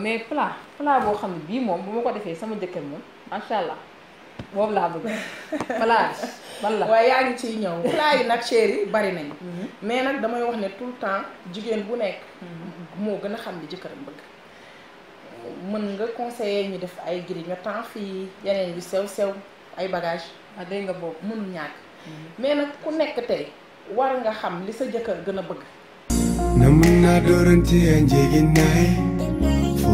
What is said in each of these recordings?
mais plat plat boo xam ne bii moom bu ma ko defee sama jëkkër moom macha allah boobu laa bëgg plat la waaye yaa ngi ciy ñëw plat yi nag chéri bari nañ mhm. mais nag damay wax ne tout le temps jigéen bu nekk mhm. moo gën a xam li jëkkëram bëgg mën nga conseiller ñu def ay grignotant fii yeneen yu sew sew ay bagage ah dégg nga boobu mënul ñàkk mhm. mais nag ku nekk tey war nga xam li sa jëkkër gën a bëgg na mën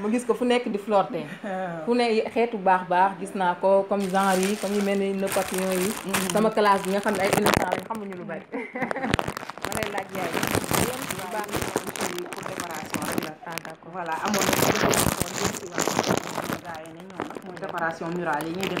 Je gis ko fu nekk di fu ne xeetu baax baax gis ko comme genre yi comme yu mel ne papillon yi mm-hmm. sama classe bi ay lu ma lay ah, murale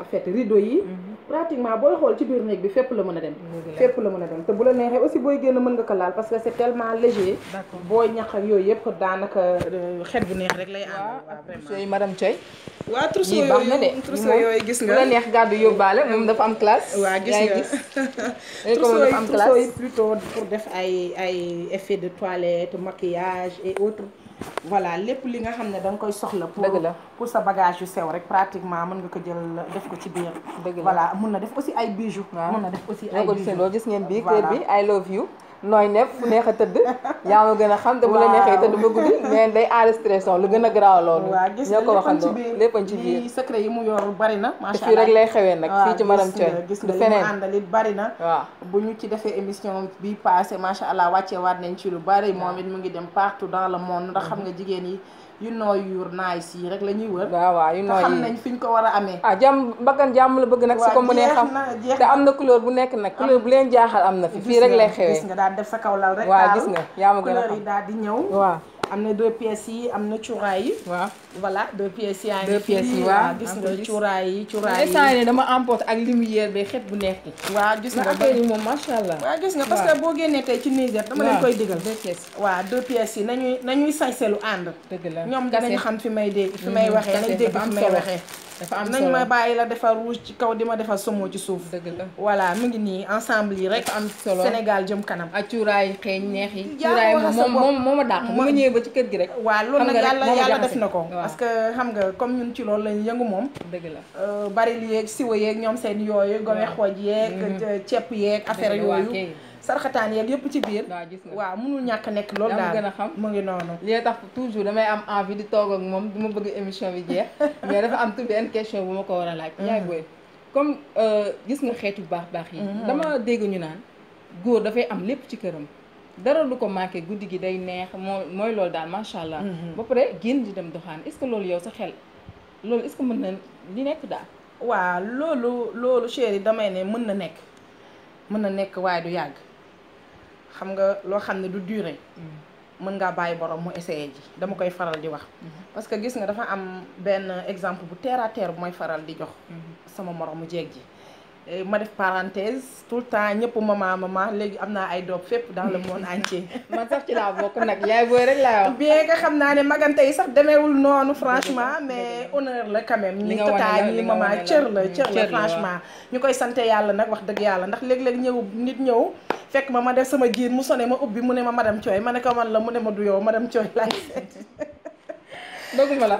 en fait rideau yi mhm. pratiquement booy xool ci biir néeg bi fépp la mën a dem fépp la mën a dem te bu la neexee aussi booy génn mën nga ko laal parce que c'est tellement léger booy ñax yooyu yëpp daanaka euh, xet bu neex rek lay am sooy madame Thioye waa trousseau yooyu baax na de gis nga la neex gàddu yóbbaale moom dafa am classe waa gis nga trousseau yi trousseau yi plutôt pour def ay ay effet de toilette maquillage et autres voilà lepp li nga xamné dang koy soxla. pour pour sa bagage yu sew rek pratiquement mën nga ko jël def ko ci biir. voilà mën na def aussi ay bijoux. Ah. mën na def aussi ay bijoux. gis ngeen bi kër bi I love you. nooy nepp fu neex a tëdd yaa ma gën a xam te bu la neexee tëdd ba guddi mais day aar stress lu gën a garaaw loolu ñoo ko waxandoo léppañ ci biir yor bari na macha allah rek lay xewee nag fii ci madame Thion gis nga bari na waaw bu ñu defee émission bi passé macha allah wàccee waat nañ ci lu bari moom it mu ngi dem partout dans le monde ndax xam nga mm-hmm. jigéen yi yu nooy yuur naay si rek la ñuy wër. waaw waaw yu nooy xam fi ñu ko war a amee. ah jàmm bakkan jàmm la bëgg nag. su ko mënee xam te am na couleur bu nekk nag. couleur bu leen jaaxal am na fi fii rek lay xewee. daal def sa kaw lal rek. waaw gis nga yaa ma gën a xam couleur daal di ñëw. waaw am na deux pièces yi am na cuuraay yi. waaw voilà de pièces yaa ngi. deux pièces euh, gis nga cuuraay yi cuuraay yi. dama emporte ak lumière bi xet bu neex gi. waaw gis nga affaire yi moom macha allah. waaw gis nga parce que boo génnee tey ci Niger dama leen koy digal. deux pièces waaw deux pièces yi nañuy nañuy sañselu ànd. dëgg la ñoom danañ xam fi may dégg fi mhm. may waxee nañ dégg fi may waxee. dafa am solo nañ ma bàyyi la defar rouge ci kaw di ma defar somo ci suuf. dëgg la voilà mu ngi nii ensemble yi rek. am solo Sénégal jëm kanam. ak cuuraay xeeñ neex yi. yaa cuuraay moom moom moo ma dàq. mu ngi ñëwee ba ci kër gi rek. waa loolu nag yàlla yàlla def na ko parce que xam nga comme ñun ci loolu lañ yëngu moom. dëgg la euh, baril yeeg siwo yeeg ñoom seen yooyu. waaw gome xooj yeeg. Mhm. Euh, ceeb yeeg affaire yooyu. sarxataan yeeg yëpp ci biir. waaw gis nga waaw mënul ñàkk nekk loolu daal gën a xam mu ngi noonu. li tax toujours damay am envie di toog ak moom du ma bëgg émission bi jeex mais dafa am tout benn question bu ma ko war a laaj. yaay mhm. booy comme euh, gis nga xeetu baax baax yi. Mhm. dama dégg ñu naan góor dafay am lépp ci këram. dara lu ko manqué guddi gi day neex moo mooy loolu daal macha allah. Mhm. ba pare génn di dem doxaan est-ce que loolu yow sa xel loolu est-ce que mën na li nekk daal. waaw loolu loolu chéri yi damay ne mën na nekk mën na nekk waaye du yàgg xam nga loo xam ne du durée. Mm. mën ngaa bàyyi borom mu essayé ji dama koy faral di wax. Mm-hmm. parce que gis nga dafa am benn exemple bu terre à terre bu may faral di jox. Mm-hmm. sama moromu jeeg ji. ma def parenthèse tout le temps ñëpp maman maman léegi am naa ay doom fépp dans le monde entier. man sax ci laa bokk nag yaay booy bien nga xam naa ne magante yi sax demeewul noonu franchement mais honneur la quand même. ñi tata ñi maman cër la cër la franchement. ñu koy sante yàlla nag wax dëgg yàlla ndax léeg-léeg ñëw nit ñëw fekk ma ma def sama jiir mu sone ma ubbi mu ne ma madame Thioye ma ne ko man la mu ne ma du yow madame Thioye laay dëgguma la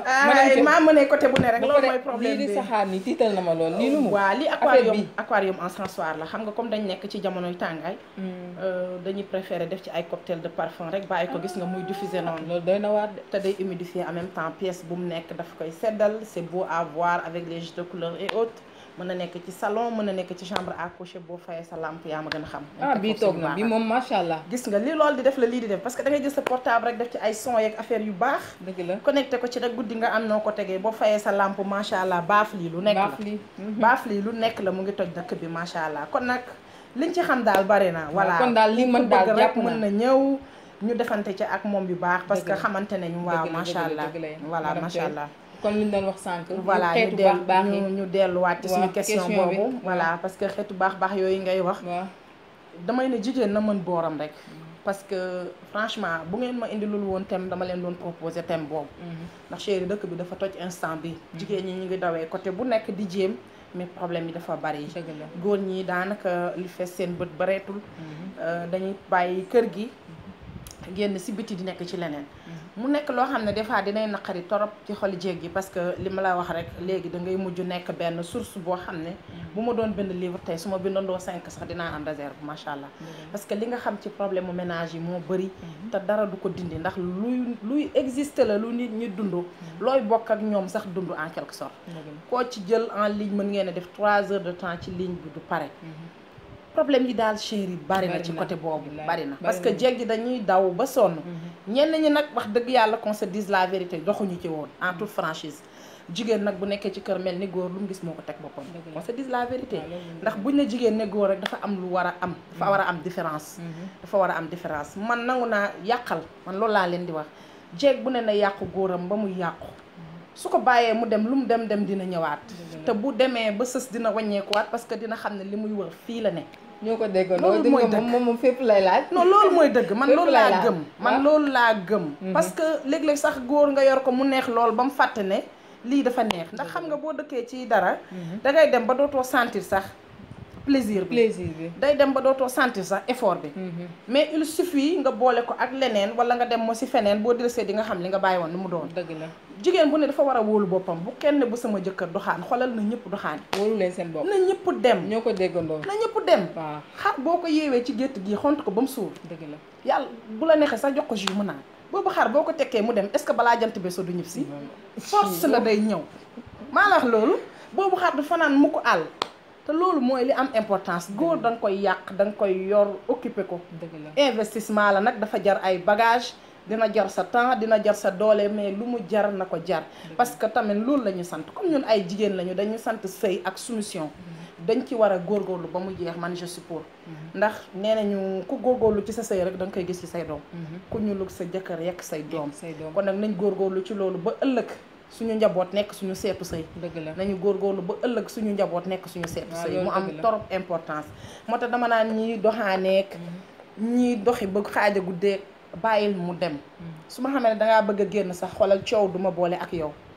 maa mënee côté bu né rek loolu moy problème bi lii di saxaar ni na ma lool lii lu wa li aquarium aquarium en encensoir la xam nga comme dañ nek ci jamonoy hmm. euh dañuy préférer def ci ay cocktail de parfum rek bàyyi ko gis nga muy diffuser non. loolu doyna war waar te day humidifier en même temps pièce bu mu nekk daf koy sédal c'est beau à voir avec les jeux de couleurs et autres mën na nekk ci salon mën na nekk ci chambre à coucher boo fayee sa lampe yaa ma gën a xam ah bii toog na bi moom macha allah gis nga li loolu di def la lii di def parce que da ngay jël sa portable rek def ci ay son yeeg affaire yu baax dëgg la connecté ko ci rek guddi nga am noo ko tegee boo fayee sa lampe macha allah baaf lii lu nekk la baaf lii mhm. Mhm. lu nekk la mu ngi toj dëkk bi macha allah kon nag li ci xam daal bari na voilà kon daal lii mën daal jàpp mën na ñëw ñu defante ci ak moom yu baax parce que xamante nañu waaw macha allah voilà macha allah kon li ñu doon wax sànq. voilà ñu dellu ñu ñu delluwaat ci suñu question boobu. voilà parce que xeetu baax baax yooyu ngay wax. damay ne jigéen na mën booram rek. parce que franchement bu ngeen ma indi indilul woon thème dama leen doon proposer thème boobu. Mhm. ndax chéri dëkk bi dafa toj instant bi mhm. jigéen ñi ñu ngi dawee côté bu nekk di jéem. mais problème yi dafa bari. góor ñi daanaka li fees seen bët bareetul. Mhm. Euh, dañuy bàyyi kër gi. génn si biti di nekk ci leneen mm-hmm. mu nekk loo xam ne des dinay naqari torop ci xol jéeg yi parce que li ma la wax rek léegi da ngay mujj nekk benn source boo xam ne mm-hmm. bu ma doon bind livre tey su ma bindandoo cinq sax dinaa am réserve macha allah mm-hmm. parce que li nga xam ci problème mu ménage yi moo bëri te dara du ko dindi ndax luy luy exister la lu nit ñi dund looy bokk ak ñoom sax dund en quelque sorte koo ci jël en ligne mën ngeen a def trois heures de temps ci ligne bi du pare problème yi daal chéri bari na ci côté boobu bari na parce que jeeg ji dañuy daw ba sonn mm-hmm. ñenn ñi nag wax dëgg yàlla qu'on se dise la vérité doxuñu ci woon en toute franchise jigéen nag bu nekkee ci kër mel ni góor lu mu gis moo ko teg boppam qu'on se dise la vérité ndax bu ñu ne jigéen ne góor rek dafa am lu war a am dafa mm-hmm. war a am différence mm-hmm. dafa war a am différence man nangu naa yàqal man loolu laa leen di wax jeeg bu ne na yàqu góoram ba muy yàqu su ko bàyyee mu dem lu mu dem dem dina ñëwaat. te bu demee ba sës dina wàññeekuwaat parce que dina xam ne li muy wër fii la ne. ñoo ko déggandoo loolu mooy dëgg moom fépp lay laaj. non loolu mooy dëgg man ah. loolu laa gëm. man loolu laa gëm. parce que léeg-léeg sax góor nga yor ko mu neex lool ba mu fàtte ne lii dafa neex ndax xam nga boo dëkkee ci dara. Mhm. da ngay dem ba dootoo sentir sax. plaisir bi day dem ba dootoo sentir sax effort bi mhm. mais il suffit nga boole ko ak leneen wala nga dem mo si feneen boo dellusee di nga xam li nga bàyyi woon lu mu doon dëgg la jigéen bu ne dafa war a wóolu boppam bu kenn bu sama jëkkër doxaan xolal na ñëpp doxaan wóolu leen seen bopp na ñëpp dem ko déggandoo na ñëpp dem waaw xar boo ko yeewee ci gétt gi xont ko ba mu suur dëgg la yàlla bu la neexee sax jox ko jus mu naan boobu xar boo ko tekkee mu dem est-ce que balaa jant bi sa du ñib si force la day ñëw maa la wax loolu boobu xar fanaan mu ko àll lolu moy li am importance goor da koy yak da koy yor occuper ko. investissement la nak dafa jar ay bagage dina jar sa temps dina jar sa doole mais lu mu jar nako jar. parce que tamen lolu lañu sante comme ñun ay jigen lañu dañu sante sëy ak soumission. Mm-hmm. dañ ci wara a góorgóorlu ba mu jeex man je suis pour. Mm-hmm. ndax nee ku góorgóorlu ci sa sëy rek da koy gis ci say dom mm-hmm. ku ñu luk sa jëkkër yak say dom kon nak nañ góorgóorlu ci lolu ba ëllëg. suñu njaboot nekk suñu seetu sëy nañu góor góorgóorlu ba ëllëg suñu njaboot nekk suñu seetu sëy mu am torop importance moo tax dama naan ñiy doxaaneek mhm. ñiy doxi ba xaaja guddeeg bàyyil mu dem mhm. su ma xamee ne dangaa bëgg a génn sax xoolal coow duma boole ak yow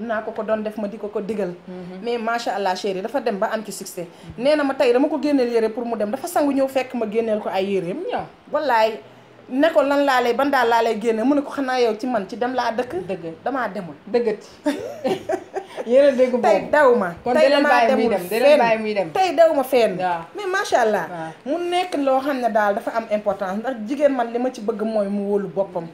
naa ko ko doon def ma di ko ko digal mhm. mais macha allah chérie dafa dem ba am ci succès nee na ma tey dama ko génneel yére pour mu dem dafa sangu ñëw fekk ma génneel ko ay yéreem ñow wallaay ne ko lan laa lay ban daal laa lay génne mu ne ko xam naa yow ci man ci dem laa dëkk. dëgg damaa demul. dëggati yéen a dégg tey daw ma. kon dinañ bàyyi muy dem dinañ bàyyi tey daw ma fenn. mais macha allah. mu nekk loo xam ne daal dafa am importance ndax jigéen man li ma ci bëgg mooy mu wóolu boppam.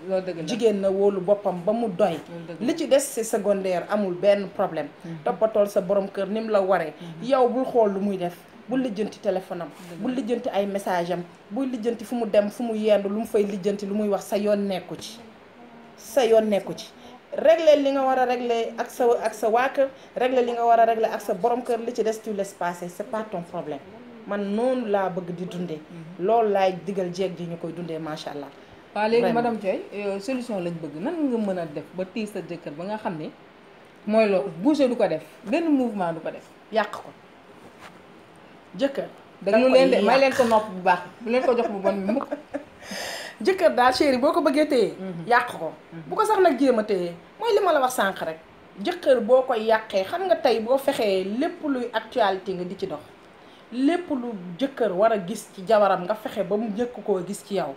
jigéen na wóolu boppam ba mu doy. li ci des si secondaire amul benn problème. Mm-hmm. toppatool sa borom kër ni la waree. Mm-hmm. yow bul xool lu muy def. bu lijjanti téléphone am bu lijjanti ay message am buy lijjanti fu mu dem fu mu yendu lu mu fay lijjanti lu muy wax sa yoon nekku ci sa yoon nekku ci régler li nga war a régler ak sa ak sa waa kër régler li nga war a régler ak sa borom kër li ci des tu laisses passer sa pas ton problème man noonu laa bëgg di dundee mhm. loolu laay digal jeeg ji ñu koy dundee macha allah waaw léegi madame Thioye euh, solution lañ bëgg nan nga mën a def ba tii sa jëkkër ba nga xam ne mooy loolu bouger du ko def benn mouvement du ko def yàq ko jëkkër dañu leen de may leen ko nopp bu baax bu leen ko jox bu bon mukk jëkkër daal chéri boo ko bëggee téye mhm. yàq ko mhm. bu ko sax nag jéem a téye mooy li ma la wax sànq rek jëkkër boo koy yàqee xam nga tey boo fexee lépp luy actualité nga di ci dox lépp lu jëkkër war a gis ci jabaram nga fexe ba mu jëkk koo gis ci yow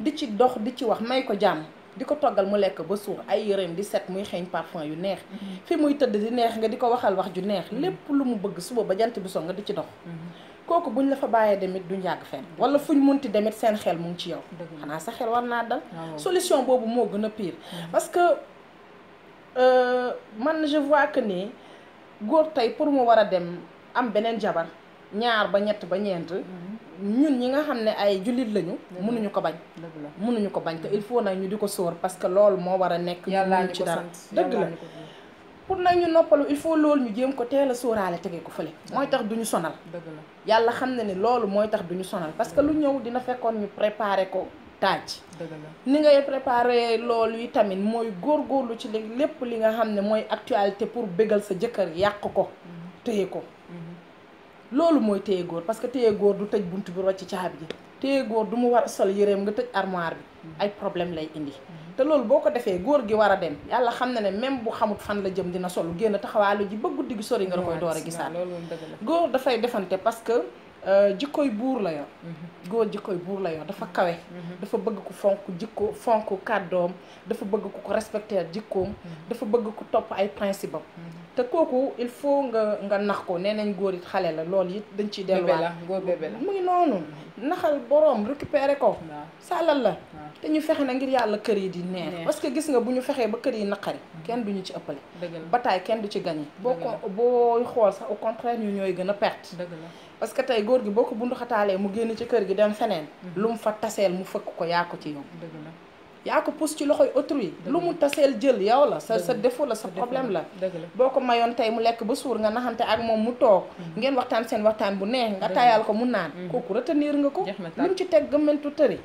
di ci dox di ci wax may ko jàmm diko togal mu lek ba suur ay yëreem di set muy xeeñ parfum yu neex mm-hmm. fi muy tëdd di neex nga diko waxal wax ju neex mm-hmm. lépp lu mu bëgg suba ba jant bi so nga di ci dox mm-hmm. kooku buñ la fa bàyyee demit du yàgg fenn wala fuñ munti demit seen xel mu ngi ci yow xanaa sa xel war naa dal ah, solution boobu moo gën a pire parce que euh, man je vois que ni góor tey pour mu war a dem am beneen jabar ñaar ba ñett ba ñeent ñun ñi nga xam ne ay jullit lañu. mënuñu ko bañ. mënuñu ko bañ te il faut nag ñu di ko sóor parce que loolu moo war a nekk. ñu ci dara dëgg la pour nag ñu noppalu il faut loolu ñu jéem ko teel a sóoraale tege ko fële. mooy tax duñu sonal. dëgg la yàlla xam na ne loolu mooy tax duñu sonal parce que lu ñëw dina fekkoon ñu préparé ko taaj. dëgg la ni ngay préparé loolu yi tamit mooy góorgóorlu ci lépp li nga xam ne mooy actualité pour bégal sa jëkkër yàq ko. Mm-hmm. téye ko. loolu mooy téye góor parce que téye góor du tëj bunt bi rocc caabi ji téye góor du mu war a sol yëreem nga tëj armoire bi mm-hmm. ay problème lay indi mm-hmm. te loolu boo ko defee góor gi war a dem yàlla xam na ne même bu xamut fan la jëm dina solu génn taxawaalu ji ba guddi gi sori nga da koy door a gisaat góor dafay defante parce Euh, jikkoy buur la yor mhm. góor jikkoy buur la yor dafa kawe mhm. dafa bëgg ko fonk jikko fonk kàddoom dafa bëgg ko ko respecteur jikkoom mhm. dafa bëgg ko topp ay principe te kooku il faut nga nga nax ko nee nañ góor it xale la lool it dañ ciy delluwaat góor bébé la mu ngi noonu naxal boroom récupérer ko sàllal la te ñu fexe na ngir yàlla kër yi di neex parce que gis nga bu ñu fexee ba kër yi naqari kenn duñu ci ëppale bataille kenn du ci gagné boo ko boo xool sax au contraire ñu ñooy gën a perte dëgg la parce que tey góor gi boo ko bundu mu génn ci kër gi dem feneen mhm. lu mu fa taseel mu fëkk ko yaa ko ci yow yaa ko pousse ci loxoy autrui lu mu taseel jël yow la sa sa défaut la sa problème la boo ko mayoon tey mu lekk ba suur nga naxante ak moom mu toog mm-hmm. ngeen waxtaan seen waxtaan bu neex nga tayaal ko mu naan mm-hmm. kooku retenir nga ko lu mu ci teg gëmmentu tëri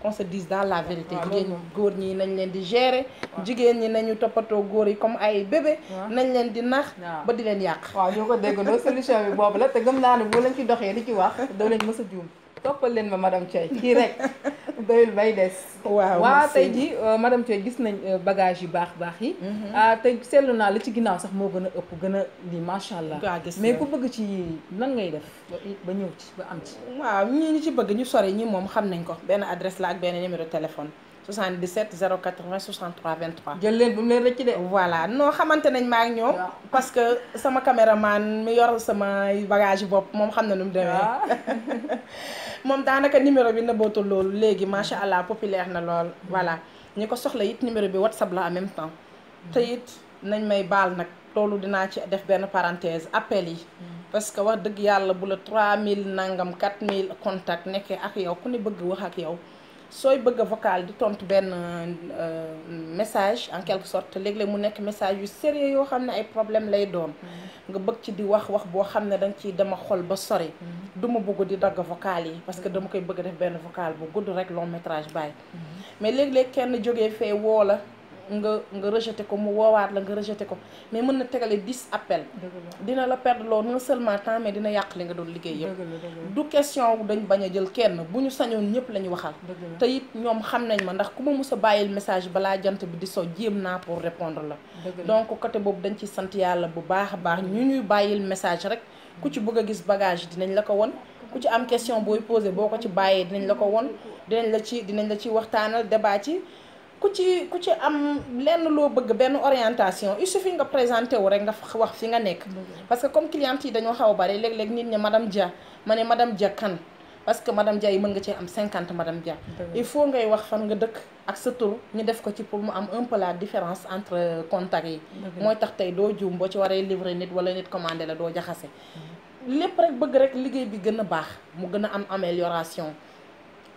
qu'on se dise dans la vérité jigéen góor ñi nañ leen di gérer jigéen ñi nañu toppatoo góor yi comme ay bébé nañ leen di nax ba di leen yàq waaw ñoo ko déggandoo solution bi boobu la te gëm naa ne boo leen ci doxee li ci wax doo leen mës a juum toppal leen ma madame Thioye kii rek doyul bay des waaw waa tey ji euh, madame Thioye gis nañ euh, bagage yu baax baax yi mhm. ah, tey seetlu naa la ci ginnaaw sax moo gën a ëpp gën a lii macha allah mais ku bëgg ci nan ngay def ba ñëw ci ba am ci waaw ñii ñu ci bëgg ñu sori ñi moom xam nañ ko benn adresse la ak benn numéro téléphone 77 080 63 23. Je leen bu mu leen rëcc voilà non xamante ma ak ñoom. parce que mon caméraman mi yor sama bagage bopp moom xam na nu mu demee. moom daanaka numéro bi nëbbootul loolu léegi macha allah populaire na lool. voilà ñi ko soxla it numéro de whatsapp la en même temps. te it nañ may baal nag loolu dinaa ci def ben parenthèse appel yi. Mm. parce que wax dëgg yalla bu le 3000 nangam 4000 contact nekkee ak yow ku ne bëgg wax ak yow. Si bëgg vocal euh, message en quelque sorte léeg-léeg mu message sérieux yoo xam ne ay problème lay doon mm-hmm. nga bëgg ci di wax wax boo xam ne danga ciy dama xol ba sori mm-hmm. vocal parce que dama koy bëgg def benn vocal bu rek long métrage mm-hmm. mais léeg-léeg kenn jógee fee woo nga nga rejeté ko mu woowaat la nga rejeté ko mais mën na tegale dix appel dina la perdre loo non seulement temps mais dina yàq li nga doon liggéey yëpp du question dañ bañ a jël kenn bu ñu sañoon ñëpp la ñu waxal te it ñoom xam nañ ma ndax ku ma mos a bàyyil message balaa jant bi di so jéem naa pour répondre la donc côté boobu dañ ci sant yàlla bu baax a baax ñu ñuy bàyyil message rek ku ci bëgg a gis bagage dinañ la ko won ku ci am question booy posé boo ko ci bàyyee dinañ la ko won dinañ la ci dinañ la ci waxtaanal débat ci am lenn bëgg orientation il suffit nga wu rek wax fi parce que comme client yi xaw madame Dia madame Dia parce que madame Dia yi madame Dia. il faut ngay wax ak def ko am un peu la différence entre contact yi. mooy tax tey doo juum ci livrer nit wala nit commandé la doo jaxase. rek bëgg rek bi am amélioration.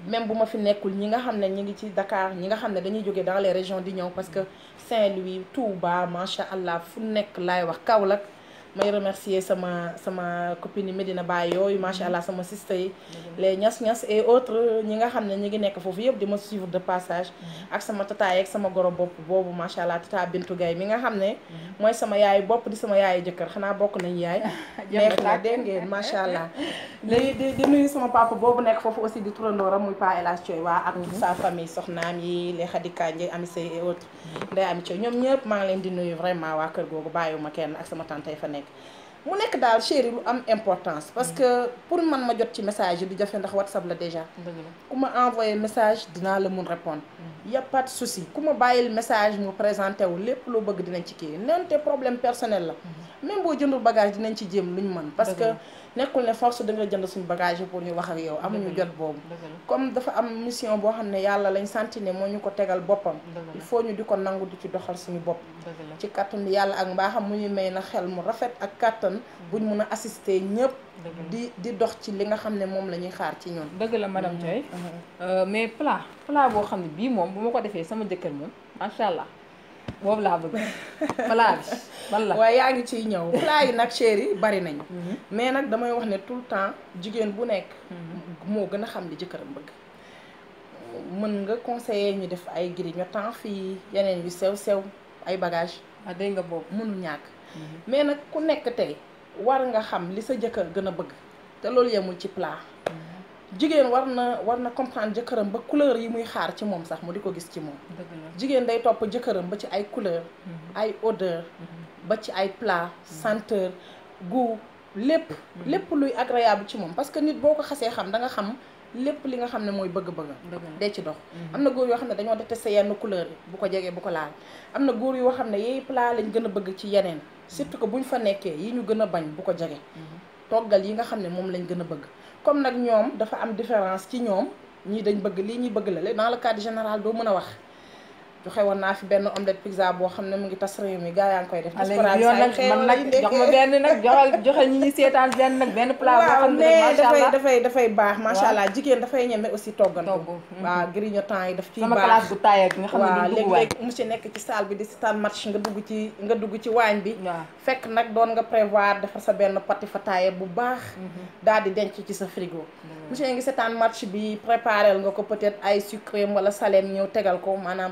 même bu ma fi nekkul ñi nga xam ne ñi ngi ci dakaar ñi nga xam ne dañuy jógee dans les régions di ñëw parce que Saint-Louis Touba macha allah fu nekk laay wax Kaolack may remercier sama sama copine yi Medina Baye yooyu macha allah sama sister yi les ñas-ñas et autres ñi nga xam ne ñi ngi nekk foofu yëpp di ma suivre de passage mm-hmm. ak sama tataay ak sama goro bopp boobu macha allah tata Bintu Gaye mi nga xam ne mm-hmm. mooy sama yaayu bopp di sama yaayu jëkkër xanaa bokk nañ yaay neex na dégg ngeen macha allah léegi di di nuyu sama papa boobu nekk foofu aussi di turandooram muy Pa la Hadj Thioy waa ak toute mm-hmm. sa famille soxnaam yi les Khadika Ndiaye ñoom ñëpp maa ngi leen di nuyu vraiment waa kër googu bàyyiwuma kenn ak sama tante fa nekk mu nek dal chéri lu am importance parce que pour man ma jot ci message du jafé ndax whatsapp la déjà kuma envoyer message dina le mun répondre mm-hmm. y a pas de souci kuma bayil message mu présenté wu lepp lo bëgg dinañ ci kii nante problème personnel la mm-hmm. même bo jëndul bagage dinañ ci jéem luñ mën parce que nekul ne force da nga jënd suñu bagage pour ñu wax ak yow amuñu jot boobu comme dafa am mission boo xam ne yàlla lañ santi ne moo ñu ko tegal boppam il faut ñu di ko nangu di ci doxal suñu bopp ci kàttan yàlla ak mbaaxam mu ñu may na xel mu rafet ak kàttan buñ mun a assister ñëpp di di dox ci li nga xam ne moom la ñuy xaar ci ñun dëgg la madame Thioye mm-hmm. mm-hmm. euh, mais plat plat boo xam ne bii moom bu ma ko defee sama jëkkër moom macha allah boobu laa bëgg plat bi la waaye yaa ngi ciy ñëw plat yi nag chéri bari nañu mhm. mais nag damay wax ne tout le temps jigéen bu nekk mhm. moo gën a xam li jëkkëram bëgg mën nga conseiller ñu def ay grignotant fii yeneen yu sew sew ay bagage ah dégg nga boobu mënul ñàkk mhm. mais nag ku nekk tey war nga xam li sa jëkkër gën a bëgg te loolu yemul ci plat jigéen war na war na comprendre jëkkëram ba couleur yi muy xaar ci moom sax mu di ko gis ci moom jigéen day topp jëkkëram ba ci ay couleur mhm. ay odeur mhm. ba ci ay plat mhm. senteur goût lépp lépp luy agréable ci moom parce que nit boo ko xasee xam danga xam lépp li nga xam ne mooy bëgg-bëgg dee ci dox am na góor yoo xam ne dañoo détesté yenn couleur bu ko jegee bu ko laal am na góor yoo xam ne yooyu plat lañ gën a bëgg ci yeneen surtout que buñ fa nekkee yi ñu gën a bañ bu ko jege toggal yi nga xam ne moom lañ gën a bëgg comme nous avons dafa différence ci nous dans le cas général de joxe woon naa fi benn omelette pizza boo xam ne mu ngi tas réew mi gaa yaa ngi koy def. léegi yoon nag man nag nag joxal joxal ñi seetaan benn nag benn plat boo xam ne macha allah dafay baax macha allah jigéen dafay ñeme aussi toggan togg waaw mhm. grignotant yi daf ciy baax sama classe bu taay ak nga xam ne du dugg waaw léegi mu ci nekk ci salle bi di seetaan match nga dugg ci nga dugg ci waañ bi fekk nag doon nga prévoir defar sa benn pati fataaye bu baax mhm. daal di denc ci sa frigo mu mhm. ci ngi seetaan match bi préparel nga ko peut-être ay sucré wala salem ñëw tegal ko maanaam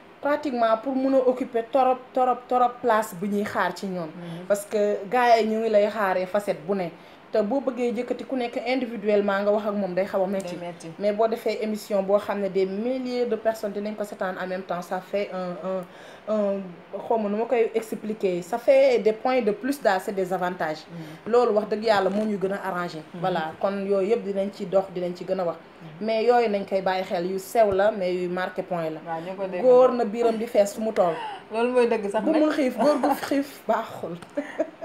pratiquement pour mun a occuper torop torop torop place bu ñuy xaar ci ñoom. Mm-hmm. parce que gaay ñu ngi lay xaaré facette bu né te bo bëggee yëkkati ku nekk individuellement nga wax ak moom day xaw a metti mais boo defee émission boo xam ne des milliers de personnes dinañ ko seetaan en même temps ça fait un un un xawma nu ma koy expliquer ça fait des points de plus daal c'est des avantages mm. loolu wax dëgg yàlla moo ñu gën a arrangé mm-hmm. voilà kon yooyu yëpp dinañ ci dox dinañ ci gën a wax mm-hmm. mais yooyu nañ koy bàyyi xel yu sew la mais yu marqué point la góor na biiram di fees fu mu toll loolu mooy dëgg sax bu mu xiif góor gu xiif baaxul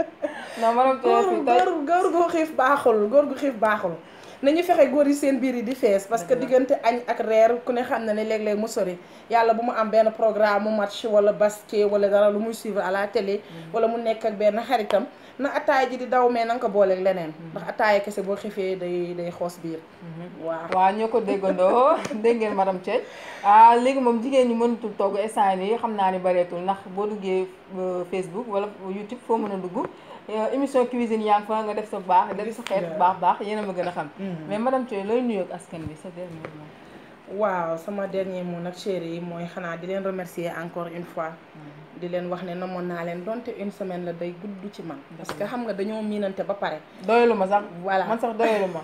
non maanaam góor góor gu xiif baaxul góor gu xiif baaxul. nañu fexe góor yi seen biir yi di fees parce que diggante añ ak reer ku ne xam na ne léeg-léeg mu sori yàlla bu mu am benn programme mu match wala basket wala dara lu muy suivre à la télé. Mm. wala mu nekk ak benn xaritam na ataay ji di daw mais na nga ko booleeg leneen mm. ndax ataaya kese boo xifee day day xoos biir mm-hmm. waaw waaw ñoo ko déggandoo dégg ngeen madame Thiel ah léegi moom jigéen ñi mënatul togg instant yi xam naa ni bareetul ndax boo duggee euh, Facebook wala YouTube foo mën a dugg Euh, émission cuisine yaa ngi fa nga def sa bu baax def sa xeet bu baax baax yéen a ma gën a xam mm. mais madame Thioye looy ak askan bi sa dernier mot waaw sama dernier mot nag chérie yi mooy xanaa di leen remercier encore une fois mm. di leen wax ne namoon naa leen donte une semaine la day gudd ci man mm. parce que xam nga dañoo miinante ba pare doyalu ma sax voilà man sax doyalu ma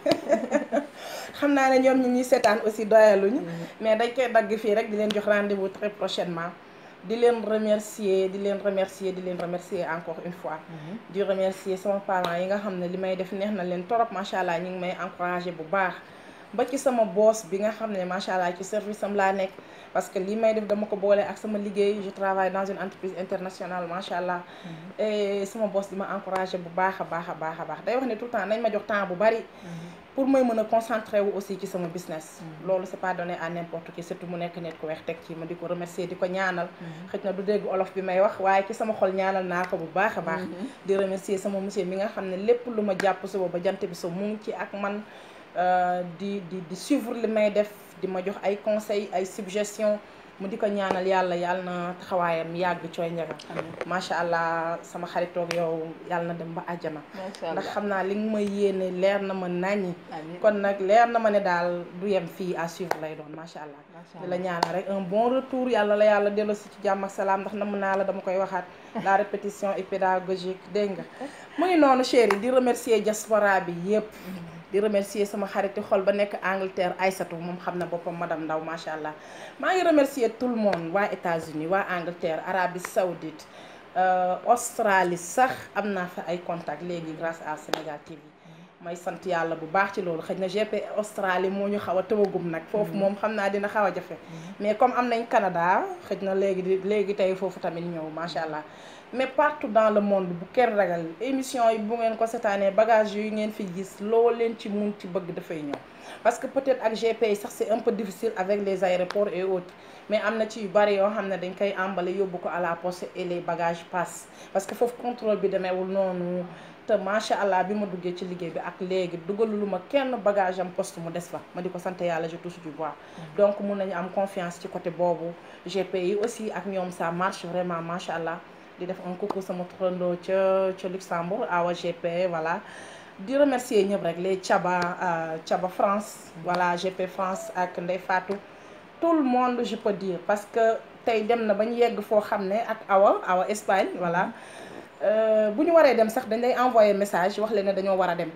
xam naa ne ñoom ñi ñuy seetaan aussi doyaluñu mais dañ koy dagg fii rek di leen jox rendez-vous très prochainement de les remercier de les remercier de les remercier encore une fois. Mhm. di remercier son parents yi nga xam ne li may def neex na leen torop encourager bu ba ci sama boss bi nga xamné ne macha allah ci service am la nek parce que li may def dama ko bolé ak sama liggéey je travaille dans une entreprise internationale macha allah. Mhm. et sama boss di encourager bu baax a baax a baax day wax né tout le temps nañ ma jox temps bu bari. Mhm. pour may mën concentrer wu aussi ci sama business. Mhm. lolou c'est pas donné à n'importe qui surtout mu nek net ko weex tek ci ma diko remercier diko ñaanal. xëj na du dégg olof bi may wax waaye ci sama xol ñaanal naa ko bu baax a baax. di remercier sama monsieur mi nga xamné ne lépp lu ma jàpp suba ba jant bi so mu ngi ci ak man. Euh, di di di suivre le may def di ma jox ay conseils ay suggestions mu di ko ñaanal yàlla yàlla na taxawaayam yàgg cooy njaga macha allah sama xaritoog yow yàlla na dem ba àjjana ndax xam naa li nga ma yéene leer na ma nañi kon nag leer na ma ne daal du yem fii à suivre lay doon macha allah di la ñaanal rek un bon retour yàlla la yàlla delloo si ci jàmm ak salaam ndax nam naa la dama koy waxaat la répétition est pédagogique dégg nga muy noonu chéri di remercier diaspora bi yëpp di remercier sama xarité xol ba nek Angleterre Aissatou mom xamna bopam madame Ndaw macha allah maa ngi remercier tout le monde wa États-Unis wa Angleterre Arabie Saoudite euh, Australie sax amna fa ay contact légui grâce à Sénégal TV. may sante yalla bu baax ci lolu xejna GP Australie moñu xawa teugum nak fofu mom mm-hmm. xamna dina xawa jafé mm-hmm. mais comme amnañ Canada xejna légui légui tay fofu foofu tamit ñëw macha allah. mais partout dans le monde bu kenn ragal émission yi bu ngeen ko seetaanee bagage yooyu ngeen fi gis loo leen ci mun ci bëgg dafay ñëw parce que peut-être ak GP yi sax c'est un peu difficile avec les aéroports et autres mais am na ci yu bari yoo xam ne dañ koy àmbale yóbbu ko à la poste et les bagages passent parce que foofu contrôle bi demeewul noonu te macha allah bi ma duggee ci liggéey bi ak léegi dugalulu ma kenn bagage am post mu des fa ma di ko sant yàlla je touche du bois mm-hmm. donc mun nañu am confiance ci côté boobu GP yi aussi ak ñoom ça marche vraiment macha allah. di def un coucou sama turandoo ci ci Luxembourg Wa GP voilà di remercier ñëpp rek les Caba Caba euh, France voilà GP France ak Ndey Fatou tout le monde je peux dire parce que tay dem na bañ yegg fo xamné ak Awa Awa Espagne voilà euh buñu waree dem sax dañ lay envoyer message wax leen ne wara war dem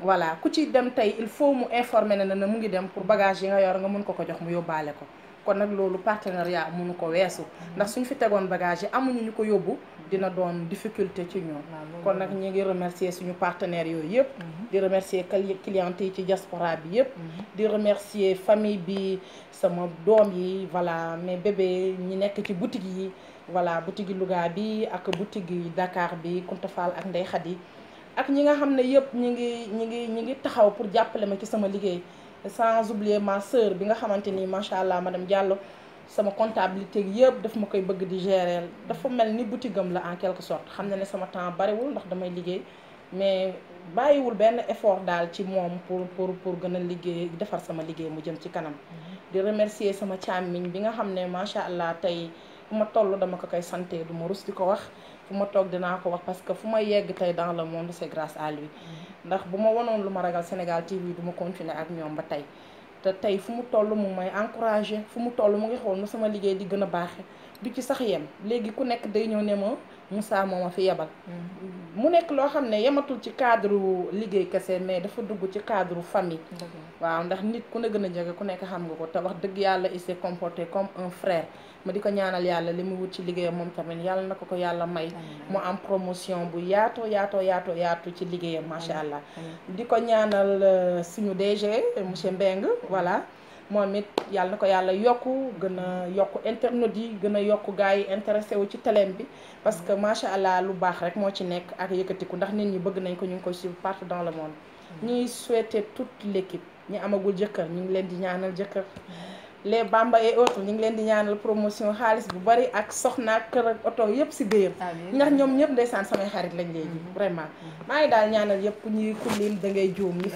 voilà ku ci dem tay il faut mu informer ne na mu ngi dem pour bagage yi nga yor nga mën ko ko jox mu yobalé ko kon nag loolu partenariat mënu ko weesu ndax suñ fi tegoon bagage yi amuñu ñu ko yóbbu dina doon difficulté ci ñun ah, kon nag ñu ngi remercier suñu partenaires yooyu yëpp mm-hmm. di remercier clientes yi ci diaspora bi yëpp mm-hmm. di remercier famille bi sama doom yi voilà mais bébés ñi nekk ci boutique yi voilà boutique yi Louga bi ak boutique yi Dakar bi Kounta Fall ak Ndey yi ak ñi nga xam ne yëpp ñi ngi ñi ngi ñi ngi taxaw pour jàppale ma ci sama liggéey sans oublier ma sœur bi nga xamanteni machallah madame Diallo sama comptabilité yëpp daf ma koy bëgg di gérer dafa melni boutiqueum boutique la en quelque sorte xamna né sama temps wul ndax damay liggéey mais bayiwul ben effort d'al, ci mom pour pour pour gëna a liggéey defar sama liggéey mu jëm ci kanam. Mm-hmm. di remercier sama càmmiñ bi nga xamné machallah macha allah ma toll dama ko koy sante du ma rus diko wax fu ma toog dinaa ko wax parce que fuma ma yegg tey dans le monde c'est grâce à lui ndax bu ma wanoon lu ma ragal Sénégal TV du ma continuer ak ñoom ba tey te tey fu mu toll mu may encourager fu mu toll mu ngi xool na sama liggéey di gën a baaxe du ci sax yem léegi ku nekk day ñëw ne ma Moussa moom ma fi yebal mm-hmm. mu nekk loo xam ne yematul ci cadre liggéey kese mais dafa dugg ci cadre famille waaw ndax nit ku ne gën a jege ku nekk xam nga ko te wax dëgg yàlla il comporté comme un frère ma di ko ñaanal yàlla li mu wut ci liggéeyam moom tamit yàlla na ko ko yàlla may mu am promotion bu yaatoo yaatoo yaatoo yaatu ci liggéeyam macha allah di ko ñaanal euh, suñu DG monsieur Mbengue voilà moom it yàlla na ko yàlla yokk gën a yokku internet yi gën a yokk gars yi intéressé wu ci teleem bi parce que macha allah lu baax rek moo ci nekk ak yëkkatiku ndax nit ñi bëgg nañ ko ñu ngi ko suivre partout dans le monde mm. ñuy souhaiter toute l'équipe ñu amagul jëkkër ñu ngi leen di ñaanal jëkkër les bamba et autres ñu ngi leen di ñaanal promotion xaalis bu bari ak soxna ak kër ak oto yëpp si biir ndax ñoom ñëpp ndeysaan samay xarit lañ léegi mm. vraiment mm. maa ngi daal ñaanal yëpp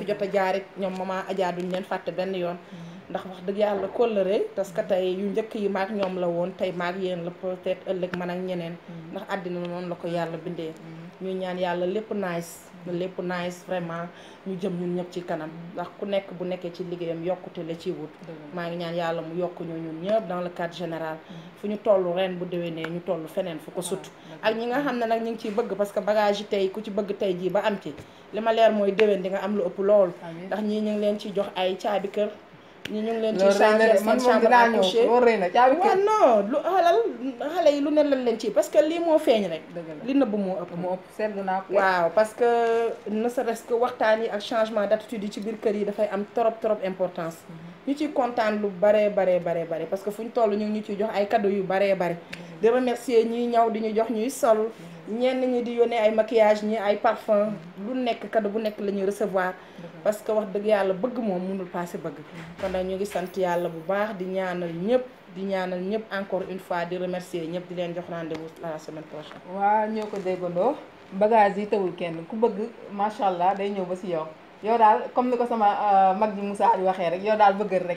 jot a jaarit ñoom mama Adja duñ leen fàtte benn yoon ndax wax dëgg yàlla kóllëre parce que tey yu njëkk yi maak ñoom la woon tey maag yéen la peut ëllëg man ak ñeneen mm. ndax àddina noonu la ko mm. yàlla bindee mm. ñu ñaan yàlla lépp nice na lépp nice vraiment ñu jëm ñun ñëpp ci kanam ndax ku nekk bu nekkee ci liggéeyam yokkute la ci wut maa ngi ñaan yàlla mu yokk ñu ñëpp dans le cadre général fu ñu toll ren bu déwénee ñu toll feneen fu ko ah, sut ak ñi nga xam ne nag ñu ngi ciy bëgg parce que bagage yi tey ku bëgg tey jii am ci li ma di nga am lu ëpp ndax ñii ñu ngi leen jox ay caabi kër ñu ñu ngi leen ciy changer seen chambre à coucher non lu xalal xale yi lu ne lan leen ci parce que lii moo feeñ rek li nëbb moo ëpp moo ëpp waaw parce que ne serait-ce que waxtaan yi ak changement d'attitude yi ci biir kër yi dafay am trop trop importance mhm. ñu ci kontaan lu baree baree baree bare parce que fu ñu toll ñu ñu ciy jox ay cadeau yu baree bare mhm. di remercier ñuy ñaw di ñu jox ñuy sol mhm. ñenn ñi di yone ay maquillage ñi ay parfum lu nekk cadeau bu nekk lañu recevoir parce que wax dëgg yàlla bëgg moom mënul passé bëgg kon nag ñu ngi sant yàlla bu baax di ñaanal ñëpp di ñaanal ñëpp encore une fois di remercier ñëpp di leen jox rendez-vous la semaine prochaine waaw ñoo ko déggandoo bagage yi tawul kenn ku bëgg macha allah day ñëw ba si yow yow daal comme ni ko sama euh, mag ji Moussa di waxee rek yow daal bëggal rek